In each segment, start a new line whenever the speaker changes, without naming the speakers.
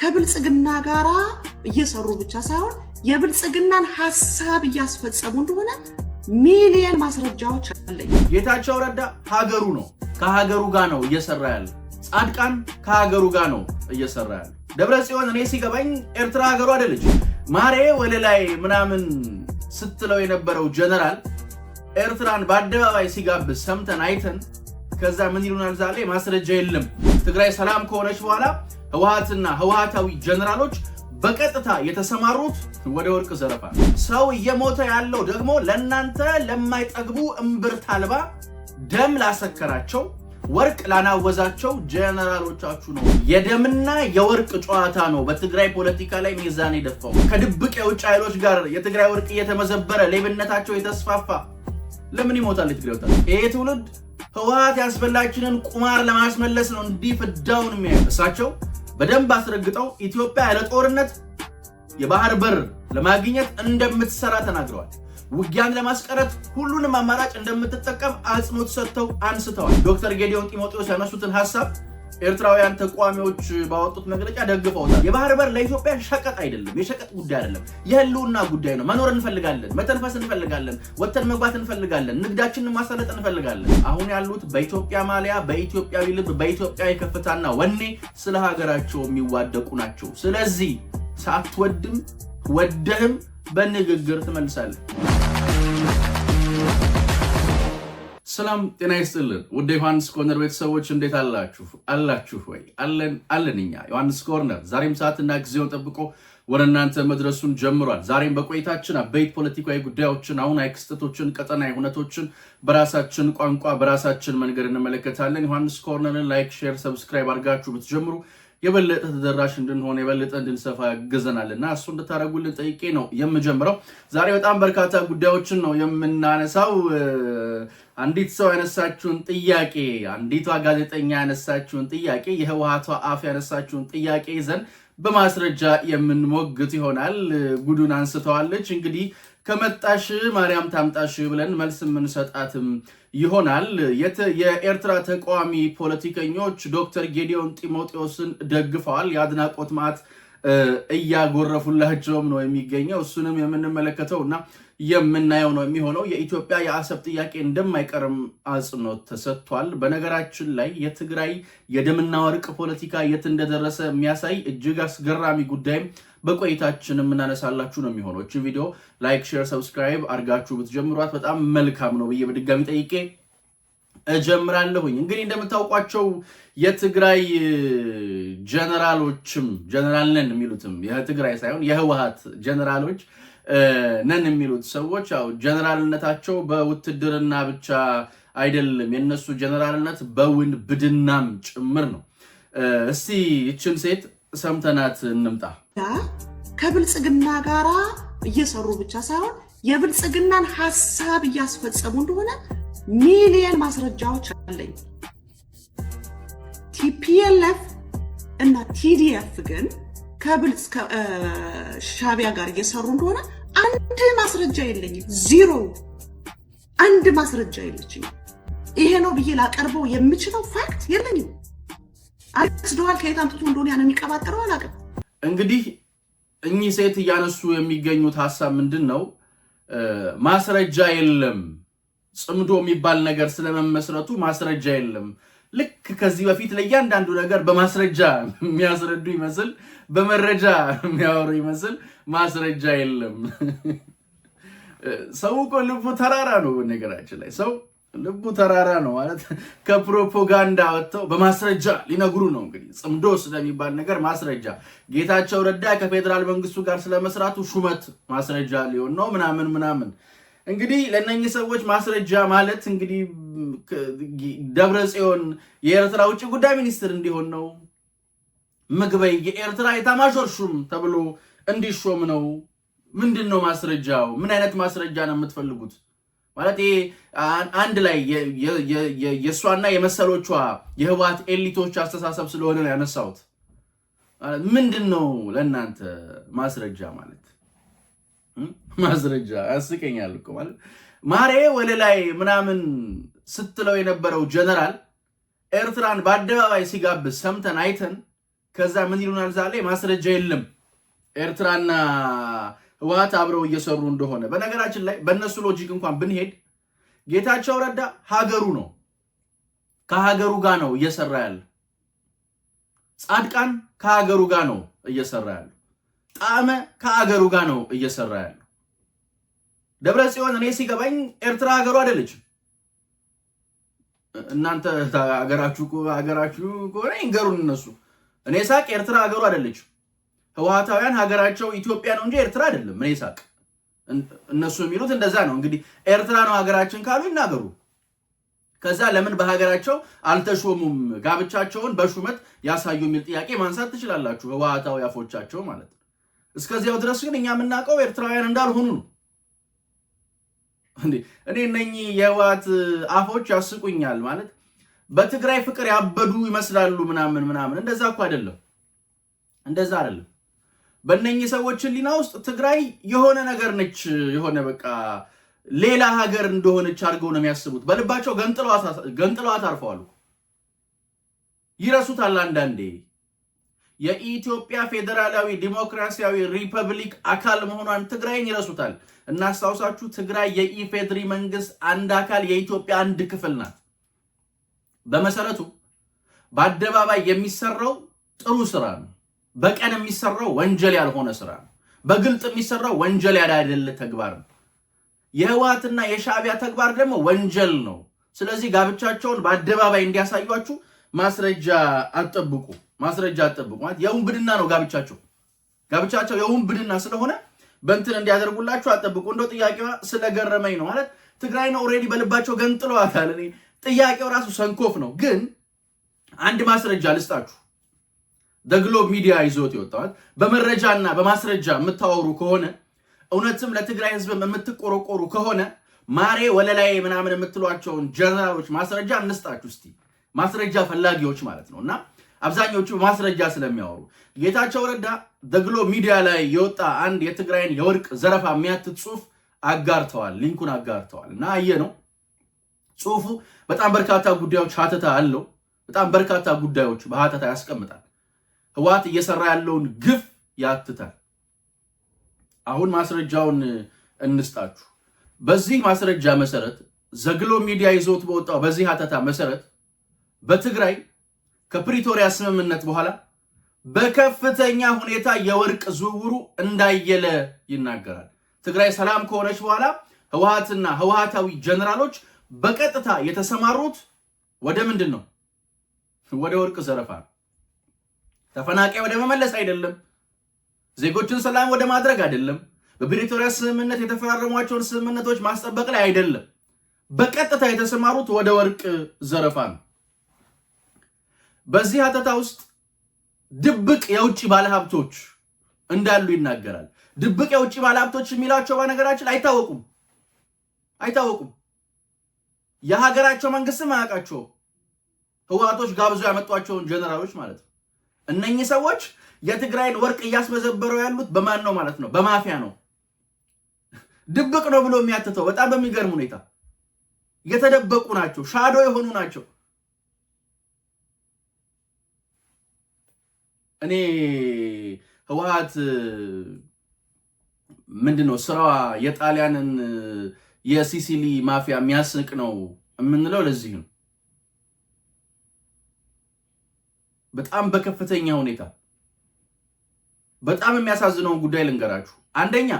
ከብልጽግና ጋር እየሰሩ ብቻ ሳይሆን የብልጽግናን ሀሳብ እያስፈጸሙ እንደሆነ ሚሊየን ማስረጃዎች አለኝ።
ጌታቸው ረዳ ሀገሩ ነው፣ ከሀገሩ ጋር ነው እየሰራ ያለ። ጻድቃን ከሀገሩ ጋር ነው እየሰራ ያለ። ደብረ ጽዮን እኔ ሲገባኝ ኤርትራ ሀገሩ አይደለች። ማሬ ወደ ላይ ምናምን ስትለው የነበረው ጀነራል ኤርትራን በአደባባይ ሲጋብዝ ሰምተን አይተን፣ ከዛ ምን ይሉናል ዛሬ ማስረጃ የለም ትግራይ ሰላም ከሆነች በኋላ ህወሓትና ህወሓታዊ ጀነራሎች በቀጥታ የተሰማሩት ወደ ወርቅ ዘረፋ። ሰው እየሞተ ያለው ደግሞ ለእናንተ ለማይጠግቡ እምብርት አልባ ደም ላሰከራቸው ወርቅ ላናወዛቸው ጀነራሎቻችሁ ነው። የደምና የወርቅ ጨዋታ ነው በትግራይ ፖለቲካ ላይ ሚዛን የደፋው። ከድብቅ የውጭ ኃይሎች ጋር የትግራይ ወርቅ እየተመዘበረ ሌብነታቸው የተስፋፋ ለምን ይሞታል የትግራይ ወጣት? ይሄ ትውልድ ህወሓት ያስፈላችንን ቁማር ለማስመለስ ነው እንዲህ ፍዳውን የሚያዩ እሳቸው በደንብ አስረግጠው ኢትዮጵያ ለጦርነት ጦርነት የባህር በር ለማግኘት እንደምትሰራ ተናግረዋል። ውጊያን ለማስቀረት ሁሉንም አማራጭ እንደምትጠቀም አጽንኦት ሰጥተው አንስተዋል። ዶክተር ጌዲዮን ጢሞቴዎስ ያነሱትን ሀሳብ ኤርትራውያን ተቋሚዎች ባወጡት መግለጫ ደግፈውታል። የባህር በር ለኢትዮጵያ ሸቀጥ አይደለም፣ የሸቀጥ ጉዳይ አይደለም፣ የህልውና ጉዳይ ነው። መኖር እንፈልጋለን፣ መተንፈስ እንፈልጋለን፣ ወተን መግባት እንፈልጋለን፣ ንግዳችንን ማሳለጥ እንፈልጋለን። አሁን ያሉት በኢትዮጵያ ማሊያ፣ በኢትዮጵያዊ ልብ፣ በኢትዮጵያ የከፍታና ወኔ ስለ ሀገራቸው የሚዋደቁ ናቸው። ስለዚህ ሳትወድም ወደህም በንግግር ትመልሳለህ። ሰላም ጤና ይስጥልን ውድ ዮሐንስ ኮርነር ቤተሰቦች እንዴት አላችሁ? አላችሁ ወይ? አለን አለን። እኛ ዮሐንስ ኮርነር ዛሬም ሰዓትና ጊዜውን ጠብቆ ወደ እናንተ መድረሱን ጀምሯል። ዛሬም በቆይታችን አበይት ፖለቲካዊ ጉዳዮችን፣ አሁናዊ ክስተቶችን፣ ቀጠናዊ እውነቶችን በራሳችን ቋንቋ በራሳችን መንገድ እንመለከታለን። ዮሐንስ ኮርነርን ላይክ፣ ሼር፣ ሰብስክራይብ አድርጋችሁ ብትጀምሩ የበለጠ ተደራሽ እንድንሆን የበለጠ እንድንሰፋ ያግዘናል እና እሱ እንድታደረጉልን ጠይቄ ነው የምጀምረው። ዛሬ በጣም በርካታ ጉዳዮችን ነው የምናነሳው። አንዲት ሰው ያነሳችውን ጥያቄ፣ አንዲቷ ጋዜጠኛ ያነሳችውን ጥያቄ፣ የህወሓቷ አፍ ያነሳችውን ጥያቄ ይዘን በማስረጃ የምንሞግት ይሆናል። ጉዱን አንስተዋለች እንግዲህ ከመጣሽ ማርያም ታምጣሽ ብለን መልስ የምንሰጣትም ይሆናል። የኤርትራ ተቃዋሚ ፖለቲከኞች ዶክተር ጌዲዮን ጢሞቴዎስን ደግፈዋል። የአድናቆት ማዕት እያጎረፉላቸውም ነው የሚገኘው። እሱንም የምንመለከተው እና የምናየው ነው የሚሆነው። የኢትዮጵያ የአሰብ ጥያቄ እንደማይቀርም አጽንኦት ተሰጥቷል። በነገራችን ላይ የትግራይ የደምና ወርቅ ፖለቲካ የት እንደደረሰ የሚያሳይ እጅግ አስገራሚ ጉዳይም በቆይታችን የምናነሳላችሁ ነው የሚሆነው። እችን ቪዲዮ ላይክ፣ ሼር፣ ሰብስክራይብ አድርጋችሁ ብትጀምሯት በጣም መልካም ነው ብዬ በድጋሚ ጠይቄ እጀምራለሁኝ። እንግዲህ እንደምታውቋቸው የትግራይ ጀነራሎችም ጀነራል ነን የሚሉትም የትግራይ ሳይሆን የህወሀት ጀነራሎች ነን የሚሉት ሰዎች ያው ጀነራልነታቸው በውትድርና ብቻ አይደለም። የነሱ ጀነራልነት ብድናም ጭምር ነው። እስቲ ይችን ሴት ሰምተናት እንምጣ።
ከብልጽግና ጋር እየሰሩ ብቻ ሳይሆን የብልጽግናን ሀሳብ እያስፈጸሙ እንደሆነ ሚሊየን ማስረጃዎች አለኝ። ቲፒኤልኤፍ እና ቲዲኤፍ ግን ከብልጽ ሻቢያ ጋር እየሰሩ እንደሆነ አንድ ማስረጃ የለኝም። ዚሮ አንድ ማስረጃ የለችኝም። ይሄ ነው ብዬ ላቀርበው የምችለው ፋክት የለኝም። አስደዋል ከየት አምጥቶ እንደሆነ ያን የሚቀባጠረው አላውቅም።
እንግዲህ እኚህ ሴት እያነሱ የሚገኙት ሀሳብ ምንድን ነው? ማስረጃ የለም፣ ጽምዶ የሚባል ነገር ስለመመስረቱ ማስረጃ የለም። ልክ ከዚህ በፊት ለእያንዳንዱ ነገር በማስረጃ የሚያስረዱ ይመስል በመረጃ የሚያወሩ ይመስል ማስረጃ የለም። ሰው እኮ ልቡ ተራራ ነው። በነገራችን ላይ ሰው ልቡ ተራራ ነው ማለት ከፕሮፓጋንዳ ወጥተው በማስረጃ ሊነግሩ ነው። እንግዲህ ጽምዶ ስለሚባል ነገር ማስረጃ፣ ጌታቸው ረዳ ከፌዴራል መንግስቱ ጋር ስለመስራቱ ሹመት ማስረጃ ሊሆን ነው ምናምን ምናምን እንግዲህ ለእነኚህ ሰዎች ማስረጃ ማለት እንግዲህ ደብረ ጽዮን የኤርትራ ውጭ ጉዳይ ሚኒስትር እንዲሆን ነው። ምግበይ የኤርትራ የታማዦር ሹም ተብሎ እንዲሾም ነው። ምንድን ነው ማስረጃው? ምን አይነት ማስረጃ ነው የምትፈልጉት? ማለት ይሄ አንድ ላይ የእሷና የመሰሎቿ የህወሓት ኤሊቶች አስተሳሰብ ስለሆነ ነው ያነሳሁት። ምንድን ነው ለእናንተ ማስረጃ ማለት? ማስረጃ ያስቀኛል እኮ ማለት ማሬ ወደ ላይ ምናምን ስትለው የነበረው ጀነራል ኤርትራን በአደባባይ ሲጋብዝ ሰምተን አይተን፣ ከዛ ምን ይሉናል ዛሬ ማስረጃ የለም ኤርትራና ህወሓት አብረው እየሰሩ እንደሆነ። በነገራችን ላይ በእነሱ ሎጂክ እንኳን ብንሄድ ጌታቸው ረዳ ሀገሩ ነው፣ ከሀገሩ ጋር ነው እየሰራ ያለ። ጻድቃን ከሀገሩ ጋር ነው እየሰራ ያለ ጣመ ከአገሩ ጋር ነው እየሰራ ያለው። ደብረ ጽዮን እኔ ሲገባኝ ኤርትራ ሀገሩ አይደለችም። እናንተ ሀገራችሁ ሀገራችሁ ከሆነ ይንገሩን እነሱ። እኔ ሳቅ ኤርትራ ሀገሩ አይደለችም። ህወሓታውያን ሀገራቸው ኢትዮጵያ ነው እንጂ ኤርትራ አይደለም። እኔ ሳቅ እነሱ የሚሉት እንደዛ ነው። እንግዲህ ኤርትራ ነው ሀገራችን ካሉ ይናገሩ። ከዛ ለምን በሀገራቸው አልተሾሙም? ጋብቻቸውን በሹመት ያሳዩ የሚል ጥያቄ ማንሳት ትችላላችሁ። ህወሓታዊ አፎቻቸው ማለት ነው። እስከዚያው ድረስ ግን እኛ የምናውቀው ኤርትራውያን እንዳልሆኑ ነው። እኔ እነኚህ የህወሓት አፎች ያስቁኛል። ማለት በትግራይ ፍቅር ያበዱ ይመስላሉ ምናምን ምናምን፣ እንደዛ እኮ አይደለም፣ እንደዛ አይደለም። በእነኚህ ሰዎች ህሊና ውስጥ ትግራይ የሆነ ነገር ነች፣ የሆነ በቃ ሌላ ሀገር እንደሆነች አድርገው ነው የሚያስቡት። በልባቸው ገንጥለዋት አርፈዋል። ይረሱታል አንዳንዴ የኢትዮጵያ ፌዴራላዊ ዲሞክራሲያዊ ሪፐብሊክ አካል መሆኗን ትግራይን ይረሱታል። እናስታውሳችሁ፣ ትግራይ የኢፌድሪ መንግስት አንድ አካል የኢትዮጵያ አንድ ክፍል ናት። በመሰረቱ በአደባባይ የሚሰራው ጥሩ ስራ ነው። በቀን የሚሰራው ወንጀል ያልሆነ ስራ ነው። በግልጥ የሚሰራው ወንጀል ያላይደለ ተግባር ነው። የህወሓትና የሻዕቢያ ተግባር ደግሞ ወንጀል ነው። ስለዚህ ጋብቻቸውን በአደባባይ እንዲያሳዩችሁ ማስረጃ አትጠብቁ። ማስረጃ አጠብቁ ማለት የውንብድና ነው ጋብቻቸው ጋብቻቸው የውንብድና ስለሆነ በእንትን እንዲያደርጉላችሁ አጠብቁ እንደው ጥያቄዋ ስለገረመኝ ነው ማለት ነው ኦልሬዲ በልባቸው ገንጥለዋታል። እኔ ጥያቄው ራሱ ሰንኮፍ ነው። ግን አንድ ማስረጃ ልስጣችሁ። ደግሎብ ሚዲያ ይዞት የወጣዋል። በመረጃና በማስረጃ የምታወሩ ከሆነ እውነትም ለትግራይ ህዝብ የምትቆረቆሩ ከሆነ ማሬ ወለላይ ምናምን የምትሏቸውን ጀነራሎች ማስረጃ እንስጣችሁ እስቲ። ማስረጃ ፈላጊዎች ማለት ነው እና አብዛኞቹ ማስረጃ ስለሚያወሩ ጌታቸው ረዳ ደግሎ ሚዲያ ላይ የወጣ አንድ የትግራይን የወርቅ ዘረፋ የሚያትት ጽሁፍ አጋርተዋል። ሊንኩን አጋርተዋል እና አየ ነው ጽሁፉ በጣም በርካታ ጉዳዮች ሀተታ አለው። በጣም በርካታ ጉዳዮች በሀተታ ያስቀምጣል። ህወሓት እየሰራ ያለውን ግፍ ያትታል። አሁን ማስረጃውን እንስጣችሁ። በዚህ ማስረጃ መሰረት ዘግሎ ሚዲያ ይዞት በወጣው በዚህ ሀተታ መሰረት በትግራይ ከፕሪቶሪያ ስምምነት በኋላ በከፍተኛ ሁኔታ የወርቅ ዝውውሩ እንዳየለ ይናገራል። ትግራይ ሰላም ከሆነች በኋላ ህወሓትና ህወሓታዊ ጀነራሎች በቀጥታ የተሰማሩት ወደ ምንድን ነው? ወደ ወርቅ ዘረፋ ነው። ተፈናቃይ ወደ መመለስ አይደለም። ዜጎችን ሰላም ወደ ማድረግ አይደለም። በፕሪቶሪያ ስምምነት የተፈራረሟቸውን ስምምነቶች ማስጠበቅ ላይ አይደለም። በቀጥታ የተሰማሩት ወደ ወርቅ ዘረፋ ነው። በዚህ ሀተታ ውስጥ ድብቅ የውጭ ባለሀብቶች እንዳሉ ይናገራል። ድብቅ የውጭ ባለሀብቶች የሚላቸው በነገራችን አይታወቁም አይታወቁም። የሀገራቸው መንግስትም አያውቃቸው ህወሓቶች ጋብዞ ያመጧቸውን ጀነራሎች ማለት ነው። እነኚህ ሰዎች የትግራይን ወርቅ እያስመዘበረው ያሉት በማን ነው ማለት ነው? በማፊያ ነው። ድብቅ ነው ብሎ የሚያትተው በጣም በሚገርም ሁኔታ የተደበቁ ናቸው፣ ሻዶ የሆኑ ናቸው። እኔ ህወሀት ምንድን ነው ስራዋ የጣሊያንን የሲሲሊ ማፊያ የሚያስንቅ ነው የምንለው ለዚህ ነው። በጣም በከፍተኛ ሁኔታ በጣም የሚያሳዝነውን ጉዳይ ልንገራችሁ። አንደኛ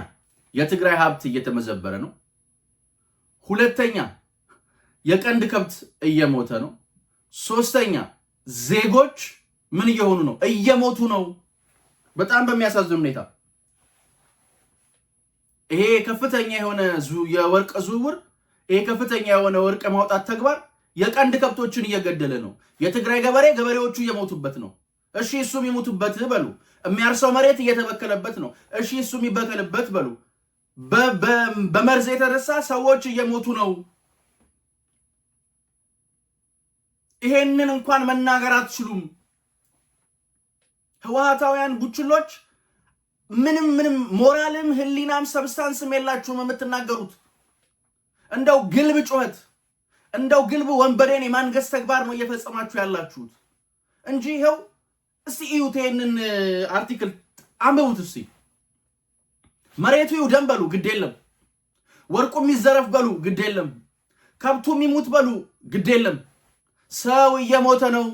የትግራይ ሀብት እየተመዘበረ ነው። ሁለተኛ የቀንድ ከብት እየሞተ ነው። ሶስተኛ ዜጎች ምን እየሆኑ ነው? እየሞቱ ነው። በጣም በሚያሳዝን ሁኔታ ይሄ ከፍተኛ የሆነ የወርቅ ዝውውር ይሄ ከፍተኛ የሆነ ወርቅ ማውጣት ተግባር የቀንድ ከብቶችን እየገደለ ነው። የትግራይ ገበሬ ገበሬዎቹ እየሞቱበት ነው። እሺ እሱም ይሞቱበት በሉ። የሚያርሰው መሬት እየተበከለበት ነው። እሺ እሱም ይበከልበት በሉ። በመርዝ የተነሳ ሰዎች እየሞቱ ነው። ይሄንን እንኳን መናገር አትችሉም። ህወሓታውያን ቡችሎች ምንም ምንም ሞራልም ህሊናም ሰብስታንስም የላችሁም የምትናገሩት። እንደው ግልብ ጩኸት እንደው ግልብ ወንበዴን የማንገስ ተግባር ነው እየፈጸማችሁ ያላችሁት እንጂ ይኸው እስቲ እዩት፣ ይህንን አርቲክል አንብቡት እስቲ። መሬቱ ይውደም በሉ ግድ የለም፣ ወርቁ የሚዘረፍ በሉ ግድ የለም፣ ከብቱ የሚሙት በሉ ግድ የለም፣ ሰው እየሞተ ነው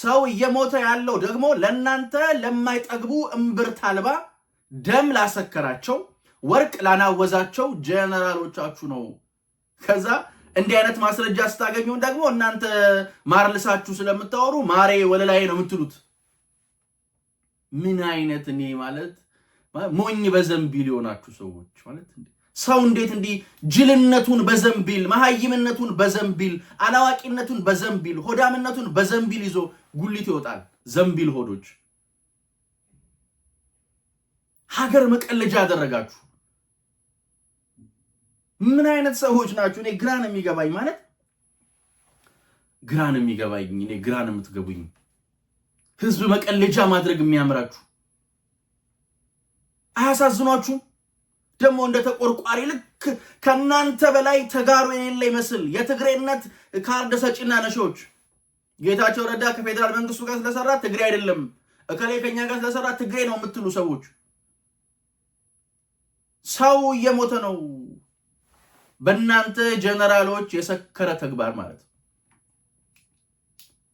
ሰው እየሞተ ያለው ደግሞ ለእናንተ ለማይጠግቡ እምብርት አልባ ደም ላሰከራቸው ወርቅ ላናወዛቸው ጀነራሎቻችሁ ነው። ከዛ እንዲህ አይነት ማስረጃ ስታገኙን ደግሞ እናንተ ማር ልሳችሁ ስለምታወሩ ማሬ ወለላዬ ነው የምትሉት። ምን አይነት እኔ ማለት ሞኝ በዘንቢል የሆናችሁ ሰዎች ማለት ሰው እንዴት እንዲህ ጅልነቱን በዘንቢል መሀይምነቱን በዘንቢል አላዋቂነቱን በዘንቢል ሆዳምነቱን በዘንቢል ይዞ ጉሊት ይወጣል። ዘንቢል ሆዶች ሀገር መቀለጃ ያደረጋችሁ ምን አይነት ሰዎች ናችሁ? እኔ ግራን የሚገባኝ ማለት ግራን የሚገባኝ እኔ ግራን የምትገቡኝ ህዝብ መቀለጃ ማድረግ የሚያምራችሁ አያሳዝኗችሁ? ደግሞ እንደ ተቆርቋሪ ልክ ከእናንተ በላይ ተጋሩ የሌለ ይመስል የትግሬነት ካርድ ሰጪና ነሾች ጌታቸው ረዳ ከፌዴራል መንግስቱ ጋር ስለሰራ ትግሬ አይደለም፣ እከሌ ከኛ ጋር ስለሰራ ትግሬ ነው የምትሉ ሰዎች ሰው እየሞተ ነው በእናንተ ጀነራሎች የሰከረ ተግባር ማለት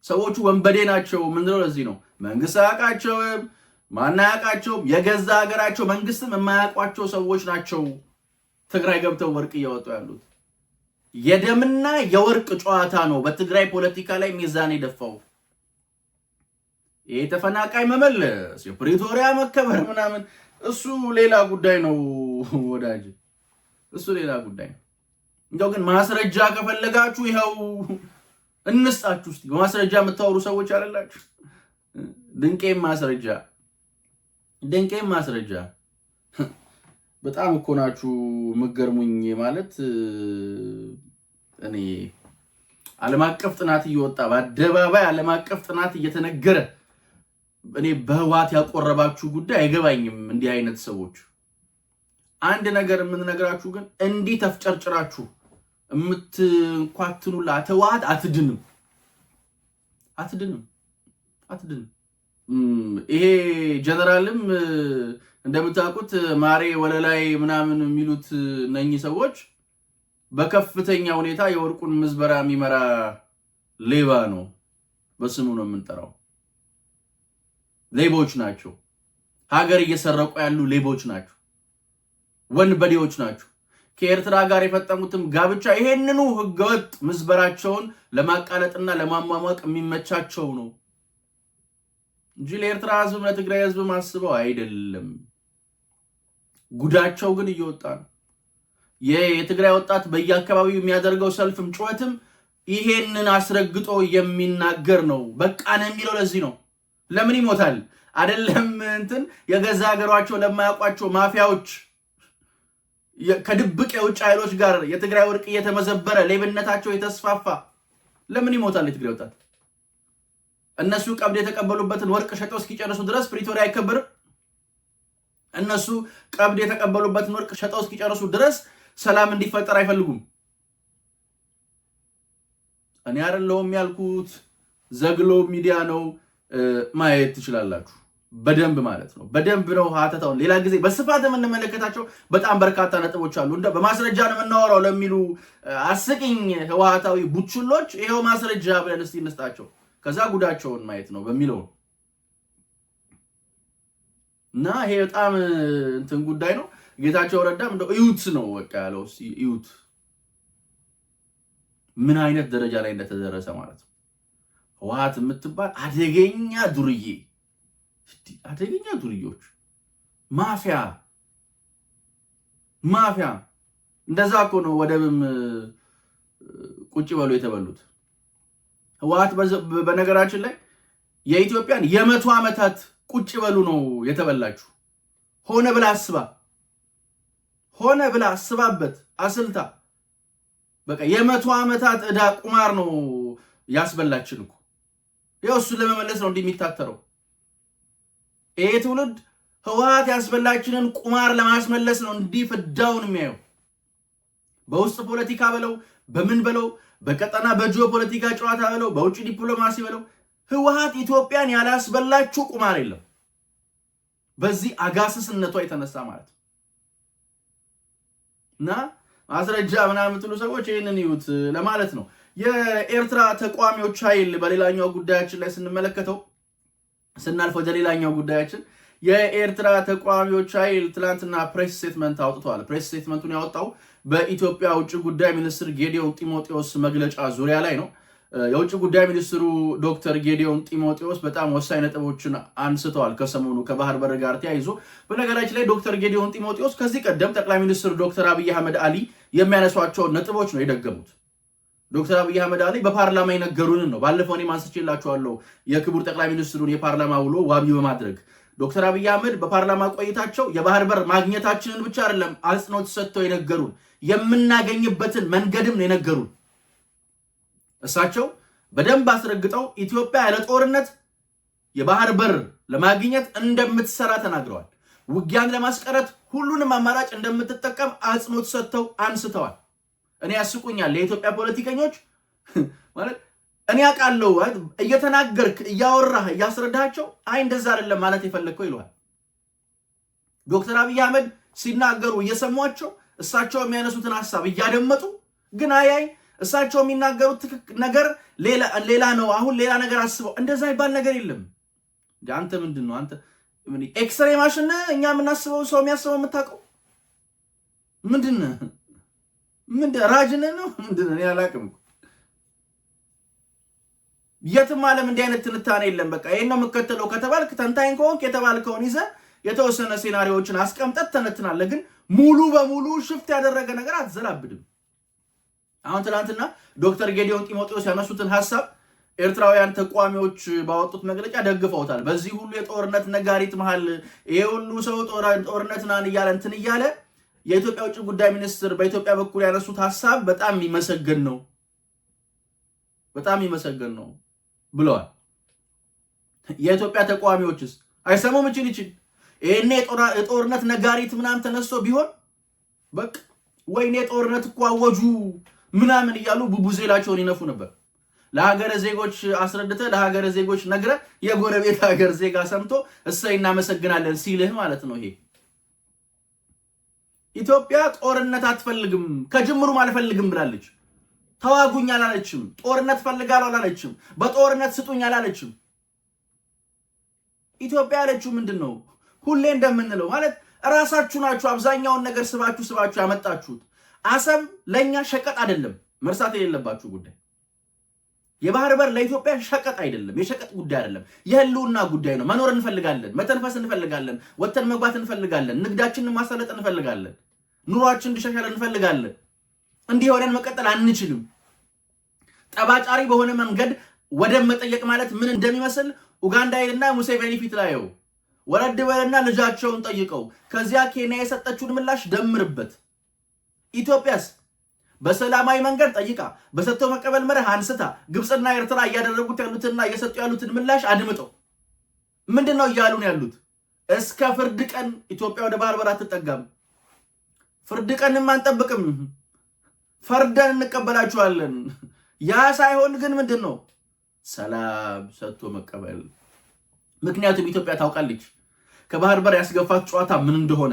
ሰዎቹ ወንበዴ ናቸው። ምንድነው? ለዚህ ነው መንግስት አያውቃቸውም። ማናያቃቸውም የገዛ ሀገራቸው መንግስትም የማያውቋቸው ሰዎች ናቸው። ትግራይ ገብተው ወርቅ እያወጡ ያሉት የደምና የወርቅ ጨዋታ ነው። በትግራይ ፖለቲካ ላይ ሚዛን የደፋው ይሄ ተፈናቃይ መመለስ፣ የፕሪቶሪያ መከበር ምናምን እሱ ሌላ ጉዳይ ነው ወዳጅ፣ እሱ ሌላ ጉዳይ ነው። እንደው ግን ማስረጃ ከፈለጋችሁ ይኸው እንስጣችሁ። እስኪ በማስረጃ የምታወሩ ሰዎች አለላችሁ። ድንቄም ማስረጃ ደንቀኝ ማስረጃ በጣም እኮ ናችሁ ማለት እኔ ዓለም አቀፍ ጥናት እየወጣ በአደባባይ ዓለም አቀፍ ጥናት እየተነገረ እኔ በህዋት ያቆረባችሁ ጉዳይ አይገባኝም። እንዲህ አይነት ሰዎች አንድ ነገር የምንነግራችሁ ግን እንዲህ ተፍጨርጭራችሁ የምትንኳትኑላት ህወሓት አትድንም፣ አትድንም፣ አትድንም። ይሄ ጀነራልም እንደምታውቁት ማሬ ወለላይ ምናምን የሚሉት እነኚህ ሰዎች በከፍተኛ ሁኔታ የወርቁን ምዝበራ የሚመራ ሌባ ነው። በስሙ ነው የምንጠራው። ሌቦች ናቸው። ሀገር እየሰረቁ ያሉ ሌቦች ናቸው። ወንበዴዎች ናቸው። ከኤርትራ ጋር የፈጠሙትም ጋብቻ ይሄንኑ ህገወጥ ምዝበራቸውን ለማቃለጥና ለማሟሟቅ የሚመቻቸው ነው። እንጂ ለኤርትራ ህዝብም ለትግራይ ህዝብ ማስበው አይደለም። ጉዳቸው ግን እየወጣ ነው። የትግራይ ወጣት በየአካባቢው የሚያደርገው ሰልፍም ጩኸትም ይሄንን አስረግጦ የሚናገር ነው። በቃ ነው የሚለው ለዚህ ነው። ለምን ይሞታል አይደለም እንትን የገዛ ሀገሯቸው ለማያውቋቸው ማፊያዎች ከድብቅ የውጭ ኃይሎች ጋር የትግራይ ወርቅ እየተመዘበረ ሌብነታቸው የተስፋፋ ለምን ይሞታል የትግራይ ወጣት? እነሱ ቀብድ የተቀበሉበትን ወርቅ ሸጠው እስኪጨርሱ ድረስ ፕሪቶሪያ አይከበርም። እነሱ ቀብድ የተቀበሉበትን ወርቅ ሸጠው እስኪጨርሱ ድረስ ሰላም እንዲፈጠር አይፈልጉም። እኔ አይደለሁም ያልኩት፣ ዘግሎ ሚዲያ ነው። ማየት ትችላላችሁ በደንብ ማለት ነው። በደንብ ነው ሀተታውን። ሌላ ጊዜ በስፋት የምንመለከታቸው በጣም በርካታ ነጥቦች አሉ። እንደ በማስረጃ ነው የምናወራው ለሚሉ አስቂኝ ህወሓታዊ ቡችሎች ይኸው ማስረጃ ብለን እስቲ እንስጣቸው። ከዛ ጉዳቸውን ማየት ነው በሚለው እና ይሄ በጣም እንትን ጉዳይ ነው። ጌታቸው ረዳም እንደው እዩት ነው በቃ ያለው እዩት፣ ምን አይነት ደረጃ ላይ እንደተደረሰ ማለት ነው። ህወሓት የምትባል አደገኛ ዱርዬ፣ አደገኛ ዱርዮች፣ ማፊያ ማፊያ። እንደዛ እኮ ነው ወደብም ቁጭ በሉ የተበሉት። ህወሓት በነገራችን ላይ የኢትዮጵያን የመቶ ዓመታት ቁጭ በሉ ነው የተበላችሁ። ሆነ ብላ አስባ ሆነ ብላ አስባበት አስልታ በቃ የመቶ ዓመታት ዕዳ ቁማር ነው ያስበላችን እኮ። ያው እሱን ለመመለስ ነው እንደሚታተረው? የሚታተረው ይሄ ትውልድ። ህወሓት ያስበላችንን ቁማር ለማስመለስ ነው እንዲህ ፍዳውን የሚያየው በውስጥ ፖለቲካ በለው በምን በለው በቀጠና በጂኦ ፖለቲካ ጨዋታ ብለው በውጭ ዲፕሎማሲ ብለው ህወሀት ኢትዮጵያን ያላስበላችሁ ቁማር የለም። በዚህ አጋስስነቷ የተነሳ ማለት ነው እና ማስረጃ ምናምን የምትሉ ሰዎች ይህንን ይዩት ለማለት ነው። የኤርትራ ተቋሚዎች ኃይል በሌላኛው ጉዳያችን ላይ ስንመለከተው ስናልፍ ወደ ሌላኛው ጉዳያችን የኤርትራ ተቋሚዎች ኃይል ትናንትና ፕሬስ ስቴትመንት አውጥተዋል። ፕሬስ ስቴትመንቱን ያወጣው በኢትዮጵያ ውጭ ጉዳይ ሚኒስትር ጌዲዮን ጢሞቴዎስ መግለጫ ዙሪያ ላይ ነው። የውጭ ጉዳይ ሚኒስትሩ ዶክተር ጌዲዮን ጢሞቴዎስ በጣም ወሳኝ ነጥቦችን አንስተዋል ከሰሞኑ ከባህር በር ጋር ተያይዞ። በነገራችን ላይ ዶክተር ጌዲዮን ጢሞቴዎስ ከዚህ ቀደም ጠቅላይ ሚኒስትር ዶክተር አብይ አህመድ አሊ የሚያነሷቸውን ነጥቦች ነው የደገሙት። ዶክተር አብይ አህመድ አሊ በፓርላማ የነገሩንን ነው። ባለፈው እኔም የክቡር ጠቅላይ ሚኒስትሩን የፓርላማ ውሎ ዋቢ በማድረግ ዶክተር አብይ አህመድ በፓርላማ ቆይታቸው የባህር በር ማግኘታችንን ብቻ አይደለም አጽንኦት ሰጥተው የነገሩን የምናገኝበትን መንገድም ነው የነገሩን። እሳቸው በደንብ አስረግጠው ኢትዮጵያ ያለ ጦርነት የባህር በር ለማግኘት እንደምትሰራ ተናግረዋል። ውጊያን ለማስቀረት ሁሉንም አማራጭ እንደምትጠቀም አጽንኦት ሰጥተው አንስተዋል። እኔ ያስቁኛል ለኢትዮጵያ ፖለቲከኞች ማለት እኔ አውቃለሁ እየተናገርክ እያወራህ እያስረዳቸው አይ እንደዛ አይደለም ማለት የፈለግከው ይለዋል። ዶክተር አብይ አህመድ ሲናገሩ እየሰሟቸው እሳቸው የሚያነሱትን ሀሳብ እያደመጡ ግን አያይ እሳቸው የሚናገሩት ነገር ሌላ ነው፣ አሁን ሌላ ነገር አስበው። እንደዛ ይባል ነገር የለም። አንተ ምንድን ነው አንተ ኤክስሬ ማሽን እኛ የምናስበው ሰው የሚያስበው የምታውቀው ምንድን ምንድ ራጅን ነው ምንድን ያላቅም የትም ዓለም እንዲህ አይነት ትንታኔ የለም። በቃ ይህን ነው የምከተለው ከተባልክ ተንታኝ ከሆንክ የተባልከውን ይዘ የተወሰነ ሴናሪዎችን አስቀምጠት ተነትናለ ግን ሙሉ በሙሉ ሽፍት ያደረገ ነገር አትዘላብድም። አሁን ትናንትና ዶክተር ጌዲዮን ጢሞቴዎስ ያነሱትን ሀሳብ ኤርትራውያን ተቋሚዎች ባወጡት መግለጫ ደግፈውታል። በዚህ ሁሉ የጦርነት ነጋሪት መሃል ይሄ ሁሉ ሰው ጦርነት ናን እያለ እንትን እያለ የኢትዮጵያ ውጭ ጉዳይ ሚኒስትር በኢትዮጵያ በኩል ያነሱት ሀሳብ በጣም የሚመሰገን ነው። በጣም የሚመሰገን ነው። ብለዋል። የኢትዮጵያ ተቃዋሚዎችስ አይሰሙም? እችን ይችን ይህኔ የጦርነት ነጋሪት ምናምን ተነስቶ ቢሆን በቃ ወይኔ ጦርነት እኮ አወጁ ምናምን እያሉ ቡቡዜላቸውን ይነፉ ነበር። ለሀገረ ዜጎች አስረድተ ለሀገረ ዜጎች ነግረ የጎረቤት ሀገር ዜጋ ሰምቶ እሰይ እናመሰግናለን ሲልህ ማለት ነው። ይሄ ኢትዮጵያ ጦርነት አትፈልግም ከጅምሩም አልፈልግም ብላለች። ተዋጉኝ አላለችም። ጦርነት ፈልጋለሁ አላለችም። በጦርነት ስጡኝ አላለችም። ኢትዮጵያ ያለችው ምንድን ነው? ሁሌ እንደምንለው ማለት እራሳችሁ ናችሁ አብዛኛውን ነገር ስባችሁ ስባችሁ ያመጣችሁት። አሰብ ለእኛ ሸቀጥ አይደለም፣ መርሳት የሌለባችሁ ጉዳይ። የባህር በር ለኢትዮጵያ ሸቀጥ አይደለም፣ የሸቀጥ ጉዳይ አይደለም፣ የህልውና ጉዳይ ነው። መኖር እንፈልጋለን፣ መተንፈስ እንፈልጋለን፣ ወተን መግባት እንፈልጋለን፣ ንግዳችንን ማሳለጥ እንፈልጋለን፣ ኑሯችን እንዲሻሻል እንፈልጋለን። እንዲህ ወደን መቀጠል አንችልም። ጠባጫሪ በሆነ መንገድ ወደን መጠየቅ ማለት ምን እንደሚመስል ኡጋንዳ ሄድና ሙሴቬኒ ፊት ላየው ወረድ በልና ልጃቸውን ጠይቀው። ከዚያ ኬንያ የሰጠችውን ምላሽ ደምርበት። ኢትዮጵያስ በሰላማዊ መንገድ ጠይቃ በሰጥቶ መቀበል መርህ አንስታ ግብፅና ኤርትራ እያደረጉት ያሉትና እየሰጡ ያሉትን ምላሽ አድምጠው። ምንድን ነው እያሉን ያሉት? እስከ ፍርድ ቀን ኢትዮጵያ ወደ ባህር በር አትጠጋም። ፍርድ ቀንም አንጠብቅም። ፈርደን እንቀበላችኋለን። ያ ሳይሆን ግን ምንድን ነው ሰላም ሰጥቶ መቀበል። ምክንያቱም ኢትዮጵያ ታውቃለች ከባህር በር ያስገፋት ጨዋታ ምን እንደሆነ፣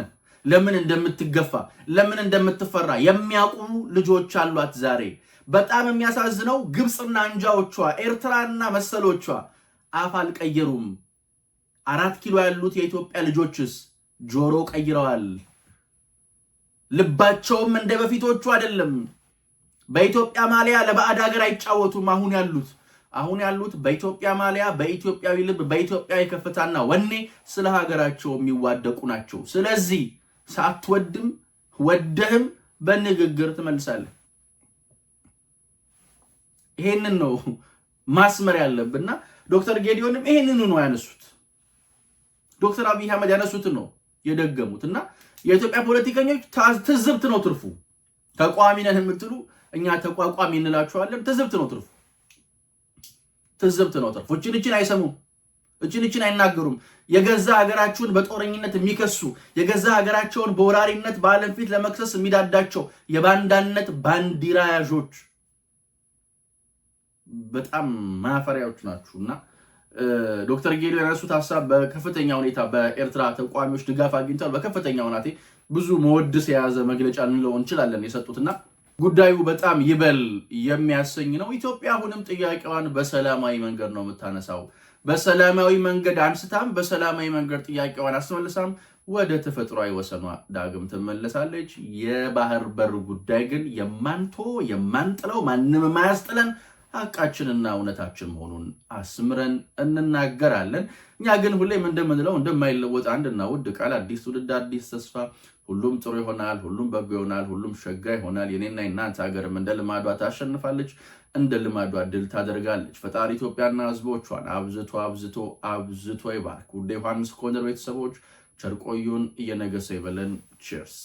ለምን እንደምትገፋ፣ ለምን እንደምትፈራ የሚያውቁ ልጆች አሏት። ዛሬ በጣም የሚያሳዝነው ግብፅና አንጃዎቿ ኤርትራና መሰሎቿ አፍ አልቀየሩም። አራት ኪሎ ያሉት የኢትዮጵያ ልጆችስ ጆሮ ቀይረዋል። ልባቸውም እንደ በፊቶቹ አይደለም። በኢትዮጵያ ማሊያ ለባዕድ ሀገር አይጫወቱም። አሁን ያሉት አሁን ያሉት በኢትዮጵያ ማሊያ በኢትዮጵያዊ ልብ በኢትዮጵያዊ ከፍታና ወኔ ስለ ሀገራቸው የሚዋደቁ ናቸው። ስለዚህ ሳትወድም ወደህም በንግግር ትመልሳለህ። ይሄንን ነው ማስመር ያለብና ዶክተር ጌዲዮንም ይሄንን ነው ያነሱት። ዶክተር አብይ አህመድ ያነሱትን ነው የደገሙት እና የኢትዮጵያ ፖለቲከኞች ትዝብት ነው ትርፉ። ተቃዋሚ ነን የምትሉ እኛ ተቋቋሚ እንላችኋለን። ትዝብት ነው ትርፉ፣ ትዝብት ነው ትርፉ። እችን እችን አይሰሙም፣ እችን እችን አይናገሩም። የገዛ ሀገራችሁን በጦረኝነት የሚከሱ የገዛ ሀገራቸውን በወራሪነት በዓለም ፊት ለመክሰስ የሚዳዳቸው የባንዳነት ባንዲራ ያዦች በጣም ማፈሪያዎች ናችሁ እና ዶክተር ጌሉ የነሱት ሀሳብ በከፍተኛ ሁኔታ በኤርትራ ተቋሚዎች ድጋፍ አግኝተዋል። በከፍተኛ ሁናቴ ብዙ መወድስ የያዘ መግለጫ ልንለው እንችላለን የሰጡትና ጉዳዩ በጣም ይበል የሚያሰኝ ነው። ኢትዮጵያ አሁንም ጥያቄዋን በሰላማዊ መንገድ ነው የምታነሳው። በሰላማዊ መንገድ አንስታም በሰላማዊ መንገድ ጥያቄዋን አስመልሳም ወደ ተፈጥሯዊ ወሰኗ ዳግም ትመለሳለች። የባህር በር ጉዳይ ግን የማንቶ የማንጥለው ማንም የማያስጥለን ሀቃችንና እውነታችን መሆኑን አስምረን እንናገራለን። እኛ ግን ሁሌም እንደምንለው እንደማይለወጥ አንድና ውድ ቃል አዲስ ትውልድ አዲስ ተስፋ ሁሉም ጥሩ ይሆናል፣ ሁሉም በጎ ይሆናል፣ ሁሉም ሸጋ ይሆናል። የኔና የናንተ ሀገርም እንደ ልማዷ ታሸንፋለች፣ እንደ ልማዷ ድል ታደርጋለች። ፈጣሪ ኢትዮጵያና ህዝቦቿን አብዝቶ አብዝቶ አብዝቶ ይባርክ። ውድ ዮሐንስ ኮርነር ቤተሰቦች ቸርቆዩን እየነገሰ ይበለን። ቺርስ